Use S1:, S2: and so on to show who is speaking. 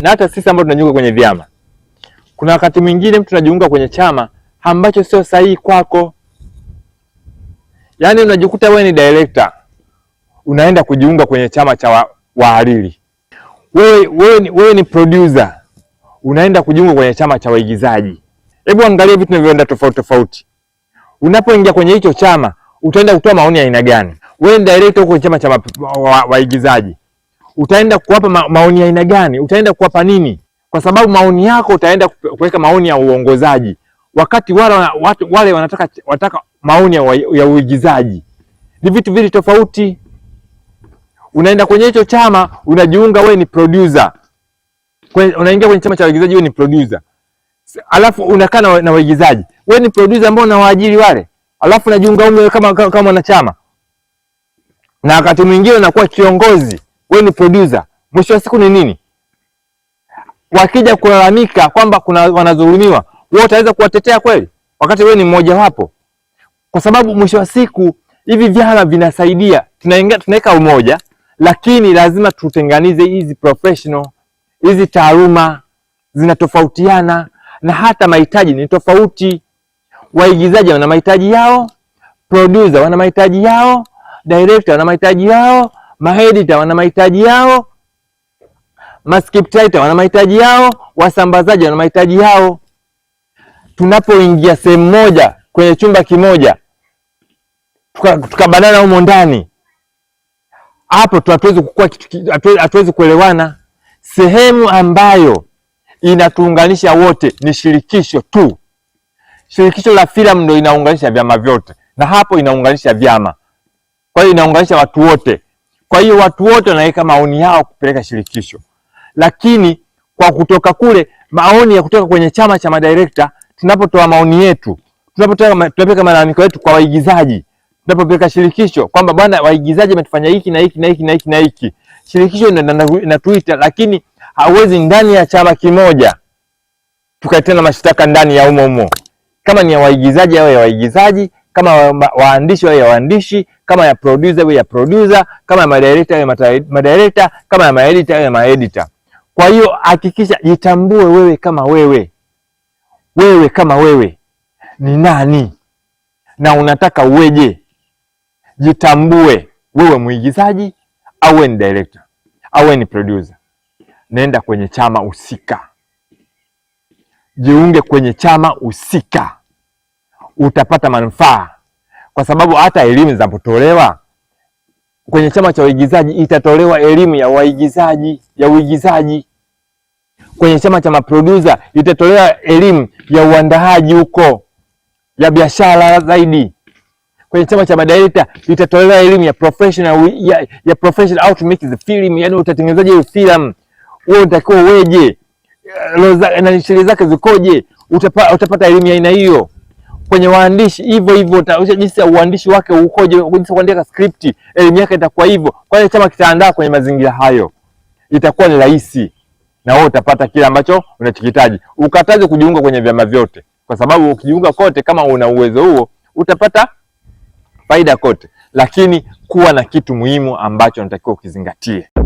S1: Na hata sisi ambao tunajiunga kwenye vyama, kuna wakati mwingine mtu anajiunga kwenye chama ambacho sio sahihi kwako, yaani unajikuta wewe ni director unaenda kujiunga kwenye chama cha wahariri wa wewe, wewe ni, wewe ni producer unaenda kujiunga kwenye chama cha waigizaji. Hebu angalia vitu vinavyoenda tofauti tofauti. Unapoingia kwenye hicho chama utaenda kutoa maoni ya aina gani? Wewe ni director uko kwenye chama cha waigizaji, utaenda kuwapa ma maoni ya aina gani? Utaenda kuwapa nini? Kwa sababu maoni yako utaenda kuweka maoni ya uongozaji, wakati wale, watu, wale wanataka wataka maoni ya, ya uigizaji. Ni vitu vili tofauti. Unaenda kwenye hicho chama unajiunga, wewe ni producer, kwenye, unaingia kwenye chama cha waigizaji, wewe ni producer, alafu unakaa na, na waigizaji, wewe ni producer ambao unawaajiri wale, alafu unajiunga kama kama mwanachama, na wakati mwingine unakuwa kiongozi wewe ni producer, mwisho wa siku ni nini? Wakija kulalamika kwamba kuna wanazulumiwa, wewe utaweza kuwatetea kweli, wakati wewe ni mmoja wapo? Kwa sababu mwisho wa siku hivi vyama vinasaidia, tunaingia tunaweka umoja, lakini lazima tutenganize hizi professional, hizi taaluma zinatofautiana na hata mahitaji ni tofauti. Waigizaji wana mahitaji yao, producer wana mahitaji yao, director wana mahitaji yao, maedita wana mahitaji yao, mascriptwriter wana mahitaji yao, wasambazaji wana mahitaji yao. Tunapoingia sehemu moja kwenye chumba kimoja tukabanana tuka humo ndani, hapo hatuwezi kukua, hatuwezi kuelewana. Sehemu ambayo inatuunganisha wote ni shirikisho tu. Shirikisho la filamu ndio inaunganisha vyama vyote, na hapo inaunganisha vyama, kwa hiyo inaunganisha watu wote. Kwa hiyo watu wote wanaweka maoni yao kupeleka shirikisho, lakini kwa kutoka kule maoni ya kutoka kwenye chama cha madirekta, tunapotoa maoni yetu, tunapeleka malalamiko yetu kwa waigizaji, tunapopeleka shirikisho kwamba bwana, waigizaji wametufanya hiki na hiki na hiki na hiki na hiki, shirikisho inatuita, lakini hauwezi ndani ya chama kimoja tukaitana mashtaka ndani ya umo umo, kama ni ya waigizaji au ya waigizaji kama waandishi wa waandishi, kama ya producer wa ya producer, kama ya madirector wa madirector, kama ya maeditor wa maeditor. Kwa hiyo hakikisha jitambue wewe kama wewe, wewe kama wewe ni nani na unataka uweje. Jitambue wewe mwigizaji, wewe ni director, wewe ni producer. Nenda kwenye chama husika, jiunge kwenye chama husika utapata manufaa, kwa sababu hata elimu zinapotolewa kwenye chama cha uigizaji itatolewa elimu ya waigizaji ya uigizaji. Kwenye chama cha maprodusa itatolewa elimu ya uandaaji huko ya biashara zaidi. Kwenye chama cha madirekta itatolewa elimu ya professional, ya, ya professional how to make the film, yani utatengenezaje hiyo film, wewe unatakiwa uweje, eh, na sheria zake zikoje, utapata elimu ya aina hiyo kwenye waandishi hivyo hivyo, utaonyesha jinsi ya uandishi wake ukoje, jinsi kuandika script, elimu eh, yake itakuwa hivyo. Kwa hiyo chama kitaandaa kwenye mazingira hayo, itakuwa ni rahisi na wewe utapata kile ambacho unachokitaji. Ukataje kujiunga kwenye vyama vyote, kwa sababu ukijiunga kote, kama una uwezo huo, utapata faida kote, lakini kuwa na kitu muhimu ambacho unatakiwa ukizingatie.